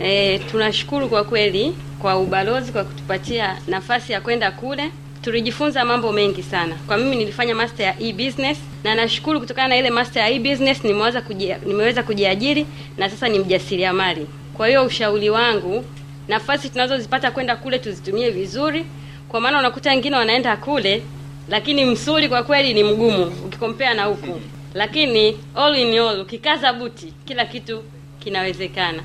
E, tunashukuru kwa kweli kwa ubalozi kwa kutupatia nafasi ya kwenda kule. Tulijifunza mambo mengi sana. Kwa mimi nilifanya master ya e-business na nashukuru kutokana na ile master ya e-business nimeweza kujia, nimeweza kujiajiri na sasa ni mjasiriamali. Kwa hiyo ushauri wangu, nafasi tunazozipata kwenda kule tuzitumie vizuri, kwa maana unakuta wengine wanaenda kule, lakini msuri kwa kweli ni mgumu ukikompea na huku, lakini all in all, ukikaza buti, kila kitu kinawezekana.